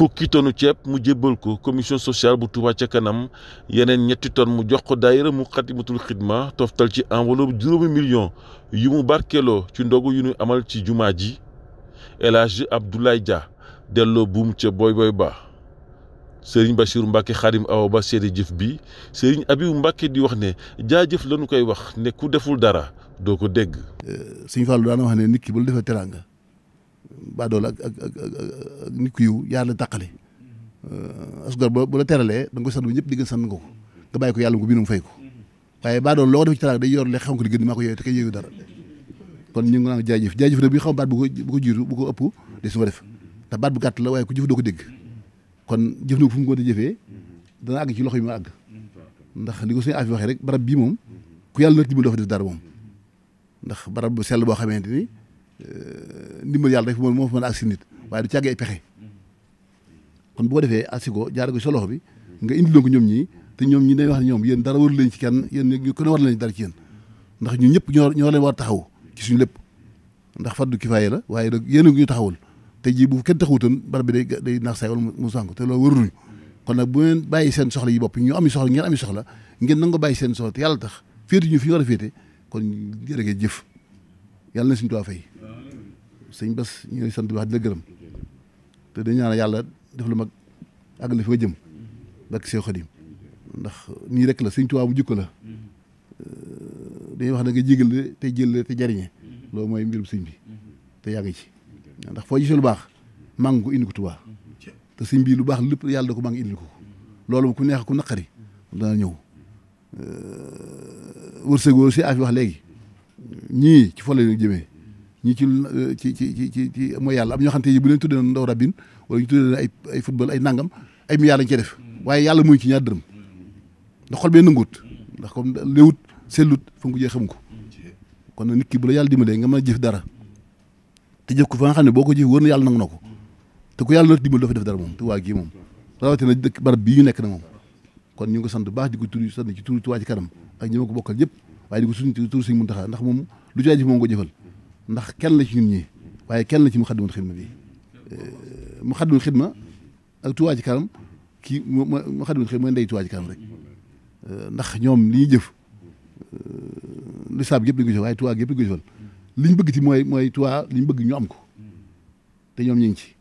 fukki tonu ceeb mu jébbal ko commission sociale bu Touba ca kanam yeneen ñetti ton mu jox ko daayira mu xatimatul xidma toftal ci enveloppe juróomi million yu mu barkeeloo ci ndogu yu nu amal ci jumaa ji El Hadj Abdoulaye Dia delloo buum ca boy boy ba sëriñ Bachir Mbacke xaadim awa ba seede jëf bi sëriñ Abibu Mbacke di wax ne jaajëf lañu koy wax ne ku deful dara doo ko dégg. Euh, Sëñ Fallou wax ne nit ki bu baadool ak ak ak ak nit ku yiw yaa la taqale euh, asgor bu la teralee da nga koy sant ba ñëpp di gën sant nga ko nga bàyyi ko yàlla ko biinum fay ko waaye baadool loo ko def ci talaag day yor le xam ko di gën maa ko koy yëyu dara kon ñu ngi naan jaajëf jaajëf bi xam baat bu ko bu bu ko de su ma def ndax baat bu gàtt la waaye ku jëf doo ko dégg kon jëf na ko fu mu ko di jëfee dana àgg ci loxo yi ma àgg ndax li ko suñu waxee rek barab bii moom ku yàlla nat di mu doo fa def dara moom ndax barab bu sell boo xamante Euh, ndimbal yàlla dafa moom moo fa mën a agsi nit waaye du càggee ay pexe kon bu defee agsi ko jaare ko ci sa loxo bi nga indiloon ko ñoom ñi te ñoom ñi dañ wax ne ñoom yéen dara waru ci kenn yéen ñu ko ne war leen dara ñëpp ñoo ñoo leen war taxaw ci suñu lépp ndax fardu kifaaya la waaye nag yéen a ngi taxawul te jii bu kenn taxawutoon barab bi day day naax say wala mu sànk te loolu waruñu kon a bu ngeen bàyyi seen soxla yi bopp ñu am soxla ngeen am soxla ngeen nanga ko bàyyi seen soxla te yàlla tax fi ñu war a féete kon jërëgee jëf yàlla na suñu Tuubaa fay sëñ Bass ñu ngi sant bi wax di la gërëm te dañu ñaan yàlla def lu mag ak la fi nga jëm bakk see ndax nii rek la sëñ Tuubaa bu jikko la dañuy wax na nga jégale te jëlle te jariñe loolu mooy mbirum sëñ bi te yàgg ci ndax foo gisee lu baax màng ko indi ko Tuubaa te sëñ bi lu baax lépp yàlla da ko màng indi ko loolu ku neex ku naqari dana ñëw wërsëgoo si afi wax léegi ñii ci fa la leen jëmee ñii ci ci ci ci ci mooy yàlla am ñoo xam te bu leen tuddee noonu ndaw rabin wala ñu tuddee ay ay football ay nangam ay milliards lañ cee def waaye yàlla muy ci ñaar dërëm ndax xol bee nanguwut ndax comme léwut sellut fa nga ko jee xam ko kon nag nit ki bu la yàlla dimbalee a jëf dara te jëf ko fa xam ne boo ko jëf wër na yàlla nangu na ko te ku yàlla na dimbal dafa def dara moom te waa gii moom rawatina dëkk barab bii ñu nekk na moom kon ñu ngi ko sant baax di ko tudd sant ci tudd Touba Ca Kanam ak ñi ma ko bokkal ñëpp waaye di ko suñ tur suñ Muntaxa ndax moom lu ci waay jëf moom ko jëfal ndax kenn la ci ñun ñi waaye kenn la ci Muxaddamatul Xidma bi euh, Muxaddamatul Xidma ak tuwaa ci kanam kii Muxaddamatul Xidma mooy ndey Tuubaa ci kanam rek euh, ndax ñoom li ñuy jëf euh, lislaam gépp dañ ngi jëfal waaye Tuubaa gépp dañ ko jëfal liñ bëgg ci mooy mooy Tuubaa liñ bëgg ñu am ko te ñoom ñu ngi ci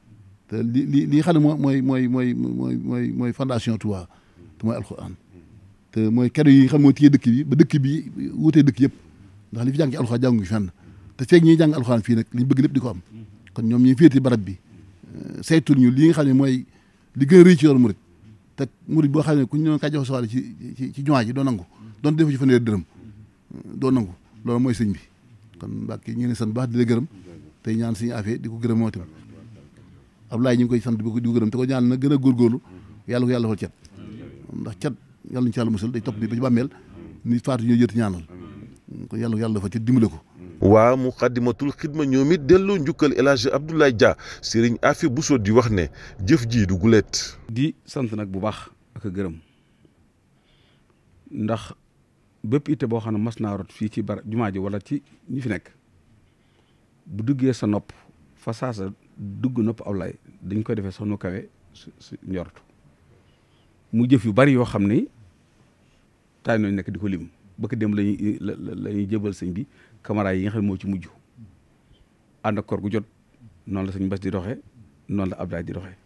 te li li li xam ne mooy mooy mooy mooy mooy mooy fondation Tuubaa te mooy alxuraan te mooy kado yi nga xam moo téye dëkk bi ba dëkk bi wutee yëpp ndax li fi jàng ci alxuraan jàngu fenn te feeg ñiy jàng alxuraan fii nag liñ bëgg lépp di ko am kon ñoom ñuy féeti barab bi euh, saytul ñu li nga xam ne mooy li gën a rëy ci yoon murit te murit boo xam ne ku ñu doon ka jox soxla ci ci ci jumaa ji doo nangu doon defu ci fanweeri dërëm euh, doo nangu loolu mooy sëñ bi kon Mbàkke ñu ne sant baax di la gërëm tey ñaan suñu affaire di ko gërëm moo tamit Ablaye ñu ngi koy sant di ko gërëm te ko ñaan na gën a góorgóorlu yàlla ko yàlla fal cet yàlla ñu ci yàlla musal day topp ni ba ci bàmmeel ni faatu ñoo jëti ñaanal kon yàlla yàlla dafa ci dimbale ko waa muqaddimatul xidma ñoom it delloo njukkal El Hadj Abdoulaye Dia Serigne bu Bousso di wax ne jëf ji du gulet. di sant nag bu baax ak gërëm ndax bépp itte boo xam ne mas naa rot fii ci bar jumaa ji wala ci ñi fi nekk bu duggee sa nopp fa saasa dugg nopp aw lay dañ koy defee sax nu kawe su njort mu jëf yu bari yoo xam ni taali nooñu nekk di ko lim bëkk dem lañuy jëbal sëñ bi caméra yi nga moo ci mujj ànd ak jot noonu la sëñ Bass di noonu la Abdoulaye di doxee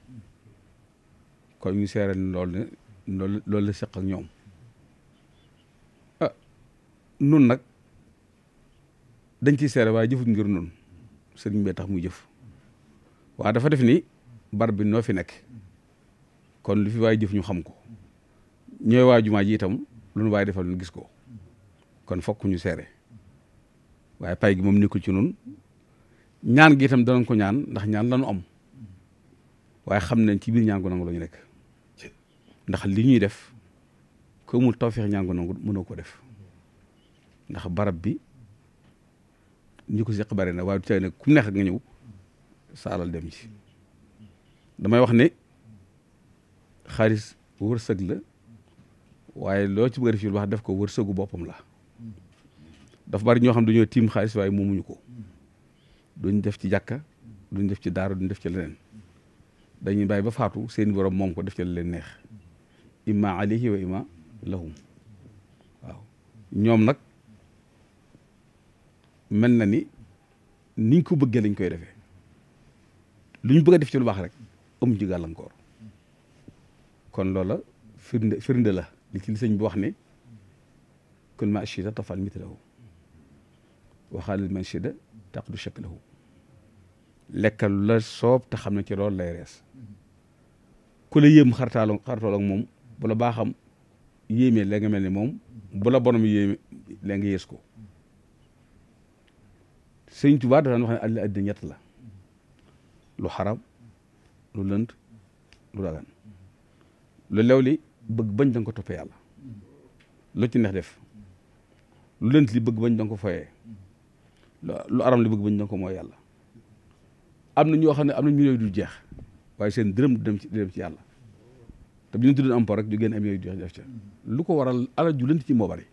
kon ñu seeral loolu la seq ak ñoom ah nun nag dañ ciy seere waa jëfut ngir nun sëriñ bee tax muy jëf waaye dafa def ni bar bi noo fi nekk kon lu fi waaye jëf ñu xam ko ñooy waa jumaa ji itam loolu nu waaye defal lu gis ko kon fokk ñu seere waaye pay gi moom nekkul ci nun ñaan gi itam danañ ko ñaan ndax ñaan lañu am waaye xam nañ ci biir ñaan gu nangu la ñu nekk ndax li ñuy def ko amul tawfeex ñaan gu nangu mënoo ko def ndax barab bi ñi ko seq bari na waaye du tey nag ku neex nga ñëw sa alal dem ci damay wax ne xaalis wërsëg la waaye loo ci bëgg a def ci lu baax def ko wërsëgu boppam la dafa bari ñoo xam dañoo tiim xaalis waaye moomuñu ko duñ def ci jàkka duñ def ci daara duñ def ci leneen dañuy bàyyi ba faatu seen borom moom ko def ci la leen neex imma alayhi wa imma lahum waaw ñoom nag mel na ni niñ ko bëggee lañ koy defe lu bëgg a def ci lu baax rek amuñu ci gàllankoor kon loola firnde firnde la li ci li sëñ bi wax ne kun ma achida tafal mitlahu waxaalil man chida taqdu shaklahu lekkal la soob te xam ne ci loolu lay rees ku la yéem xartaalo xartool moom bu la baaxam yéemee la nga mel ni moom bu la bonom yéeme la nga yées ko sëñ Tuubaa dafa daan wax ne àll addi ñett la lu xaram lu lënd lu dagan lu lew bëgg bañ danga ko toppee yàlla lu ci neex def lu lënt li bëgg bañ danga ko foyee lu aram li bëgg bañ danga ko mooy yàlla am na ñoo xam ne am na ñu yooyu du jeex waaye seen dërëm du dem ci dem ci yàlla te bu ñu tuddoon am po rek du jeex def ca lu ko waral alal ju lënt ci moo bari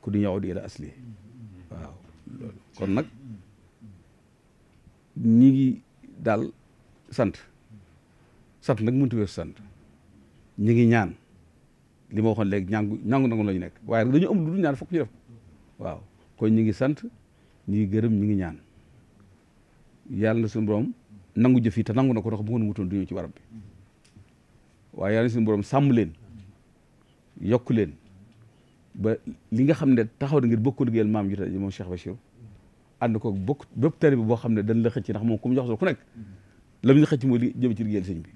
ku di ñëw di la waaw kon nag ñi ngi daal sant sant nag mënut a weesu sant ñu ngi ñaan li ma waxoon léegi ñàngu ñàngu nangu la ñu nekk waaye dañu am lu dul ñaan fokk ñu waaw kon ñu ngi sant ñu gërëm ñu ngi ñaan yàlla na suñu borom nangu jëf yi te nangu na ko tax bu ngeen wutoon du ñëw ci barab bi waaye yàlla na suñu borom sàmm leen yokk leen ba li nga xam ne taxaw na ngir bokk liggéeyal maam ju tey moom Cheikh Bachir ànd ko bokk bépp tari bi boo xam ne dañ la xëcc ndax moom ku mu jox ku nekk la mu ñu xëcc mooy li jëm ci liggéeyal sëñ bi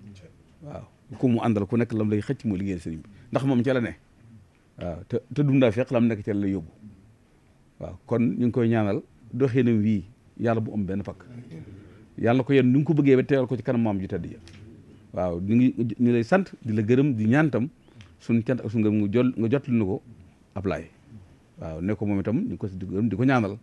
waaw ku mu àndal ko nekk lam lay xëcc mooy liggéeyal sëriñ bi ndax moom ca la ne waaw te te dundaa feq lam nekk ca la lay yóbbu waaw kon ñu ngi koy ñaanal doxinam wii yàlla bu am benn fakk yàlla ko yen ni nga ko bëggee ba tegal ko ci kanam maam ju tedd ja waaw ñu ngi ñu lay sant di la gërëm di ñaan tam suñu cant ak suñu ngërëm jot nga jotul ni ko Ablaye waaw ne ko moom itam ñu ngi ko si di gërëm di ko ñaanal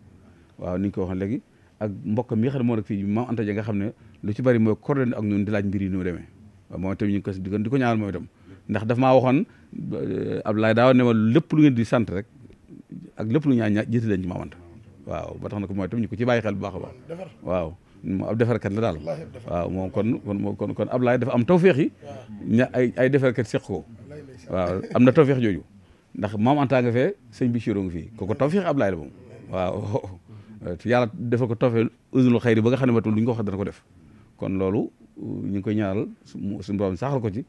waaw ni ko waxee léegi ak mbokk mi nga xam ne moo nekk fii maam Anta nga xam ne lu ci bari mooy coordonné ak ñun di laaj mbir noo nu demee moom itam ñu ngi ko di ko di ko ñaanal moom itam ndax daf maa waxoon eh, daa daawoon ne ma lépp lu ngeen di sant rek ak lépp lu ñaa ñaa jiite leen ci maamanta waaw ba tax ko moom itam ñu ko ci bàyyi xel bu baax waaw ab defarkat la daal waaw moom kon kon kon kon Abdoulaye dafa am tawféex yi ña ay ay defarkat seq ko am na tawféex jooju ndax maam Anta nga fee sëñ bi Chirou nga fii kooku tawféex Abdoulaye la moom waaw yàlla defal ko tawféex usunul xayri ba nga xam ne matul lu wax dana ko def kon loolu ñu ngi koy ñaaral suñu borom saxal ko ci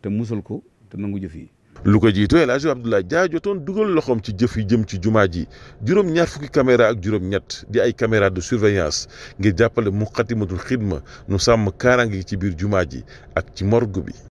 te musal ko te nangu jëf yi. lu ko jiitu El Hadj Abdoulaye Dia jotoon dugal loxoom ci jëf yi jëm ci jumaa ji juróom ñaar fukki caméra ak juróom ñett di ay caméra de surveillance ngir jàppale Muxaddamatul Xidma nu sàmm kaaraange gi ci biir jumaa ji ak ci morgo bi.